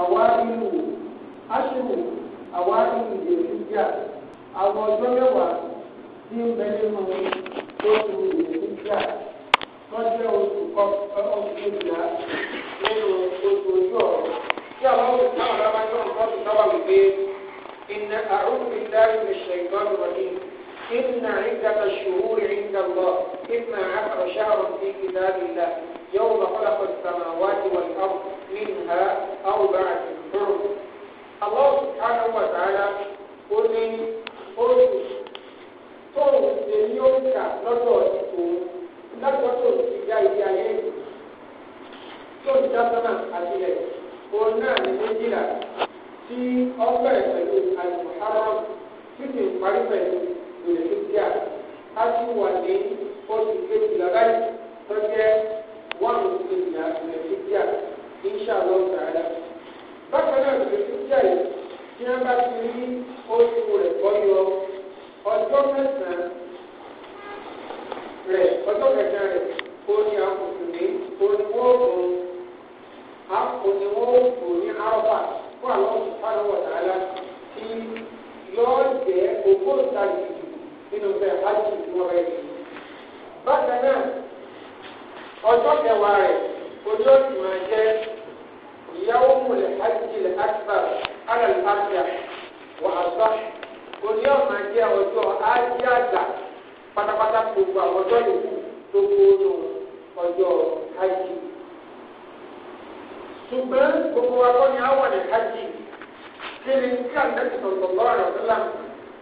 àwárílù aṣèwò àwárílù ìdèmíjà àwọn ọjọ́ mẹ́wàá tí ń bẹ nínú oṣù ìdèmíjà lọ́jọ́ oṣù kọkànlá nínú oṣù ojú ọ̀rọ̀ tí àwọn olùkọ́ àwọn abájọ́ nǹkan tó sábà wípé إن أعوذ بالله من الشيطان الرجيم إن عدة الشهور عند الله إثنا وشهر في كتاب الله يوم خلق السماوات والأرض منها أربعة حرم الله سبحانه وتعالى قل قل tóun ṣe ní ó ń kà lọ́dọ̀ tòun lọ́dọ̀ tó ti dá ibi ayé yìí tó ti dá sọ́nà àti ilẹ̀ òun náà ní méjìlá tí ọgbẹ́ pẹ̀lú àlùmọ́hárọ́ tí kì parí pẹ̀lú ìrètí díà á ti wà ní oṣù kejìlá báyìí tó jẹ́ wọ́n oṣù kejìlá ilẹ̀ fídíà inṣàlọ́ tààrà. bákan náà ilẹ̀ fídíà yìí tí wọ́n bá ti rí oṣù rẹ̀ bọ́yọ ọjọ́ mẹ́sàn-án rẹ̀ ọjọ́ kẹta rẹ̀ ó ní akùnfùnmí ó ní wọ́n kùn akùnfùnmí wọ́n kùn ní áwà fún àwọn olùfàlọ́wọ̀ tààrà tí yọ́ọ́ jẹ́ ògbóǹtarìgì nínú bẹ́ẹ̀ á ti wọ́n rẹ̀ yìí bákan náà ọjọ́ kẹwàá rẹ̀ ojú òsì máa jẹ́ ìyàwó múlẹ̀ ájílẹ̀ akbar alàlùfáàfíà wàhálà òní ọ̀nà jẹ́ ọjọ́ ájí àgbà pátápátá gbogbo àwọn ọjọ́ yòókù tó gbóòórùn ọjọ́ ájí. ṣùgbọ́n gbogbo wa kọ́ ni àwọn ní ájí kí ni kí àtẹ́sí tọ̀tọ̀ lọ́rọ̀ ọ̀dọ́là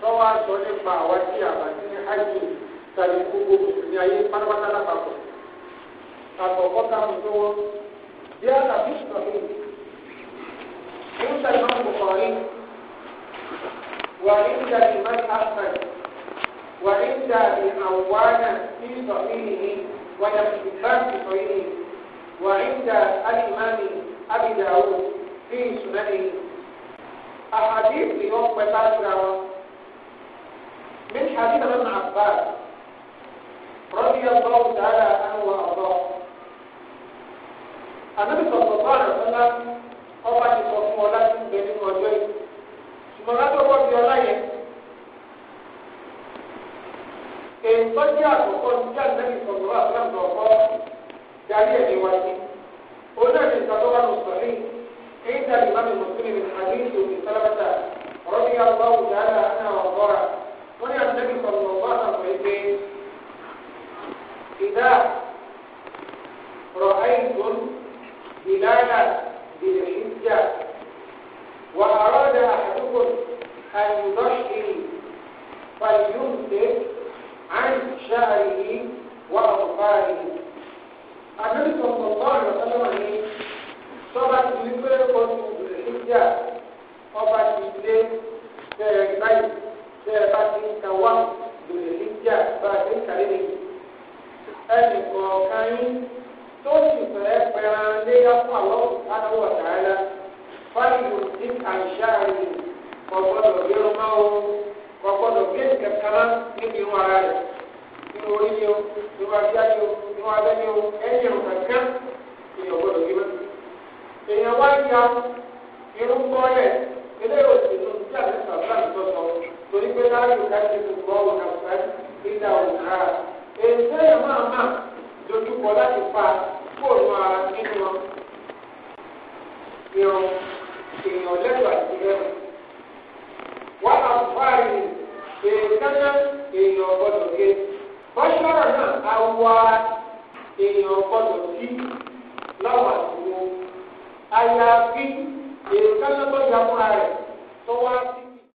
tọ́wọ́ aṣọ nípa àwa tí àbá sí ní tàbí gbogbo mùsùlùmí ayé pátápátá lápapọ̀ àkọ́kọ́ káàmù lọ́wọ́ bí a tàbí ìsọ̀rọ̀ ń tẹ̀lé máa ń bọ̀ rí wàrí ń da ìmáì ahmed wàrí ń da ìhàwánà sí ìsọ̀rọ̀ yìí wàdà ìbáàkì sọ̀rọ̀ yìí wàrí ń da alimami abidawo sí ìsúná yìí àhàdí ìsìn wọn pẹ́ bá ṣe ra wọn. من رضي الله تعالى عنه وارضاه النبي صلى الله عليه وسلم ọba ti sọ fún ọlá tí ń bẹ nínú ọjọ́ yìí ṣùgbọ́n látọwọ́ di ọlá yẹn èyí tó jẹ́ àkọ́kọ́ ní jẹ́ àtẹ́lẹ́ ìsọ̀rọ̀ àtàkùn ọkọ́ darí ẹ̀mí wa sí òun náà ti sọ̀rọ̀ wà lọ́sọ̀rọ̀ èyí tàbí má mi mọ̀ sí mi ní àdéhùn ìsọ̀rọ̀ sálábàtà ọ̀rọ̀ bí yàrá wà wù dáadáa الهلال ذي الحجة وأراد أحدكم أن يضحي فليمسك عن شعره وأظفاره النبي صلى الله عليه وسلم sọba ti ní pé oṣù ìdíyà ọba ti dé tẹ̀rẹ̀ báyìí tẹ̀rẹ̀ bá ti ń ka wá ìdíyà bá ti ń kàlẹ́ nìyí ẹnì kọ̀ọ̀kan yín tó sì fẹ́ pẹran léyà fún àwọn àdáwọ̀ àtàrà fáìlì ní àìsà rẹ̀ kọ̀gbọ́dọ̀ gbérun máa o kọ̀gbọ́dọ̀ gbé kẹkẹrẹ níbi irun ara rẹ̀ irun orí ni o irun abíyá ni o irun abẹ́ ni o ẹ̀yìn irun kankan èèyàn gbọ́dọ̀ gbé mẹ́ta. èèyàn wá ya irun gbọ́lẹ̀ eléyìí òsì nù tí àti sàbúrà nìkan sọ torí pé láàyè ká ti gbọ́ ọ̀nà ìgbà ìdá òun rárá. èyí sẹ́yìn máa máa orúkọ láti fa fóònù ara nínú wọn. Ìrùn èèyàn lẹ́tọ̀ àti lẹ́nu. Wọ́n á fáàrí èèyàn dáná èèyàn gbọ́dọ̀ gé. Bọ́ṣọ́rọ̀ náà á wá èèyàn gbọ́dọ̀ sí láwọn àdúgbò. Àyàfi èèyàn dáná tó yà fúnra rẹ̀ tó wá sí.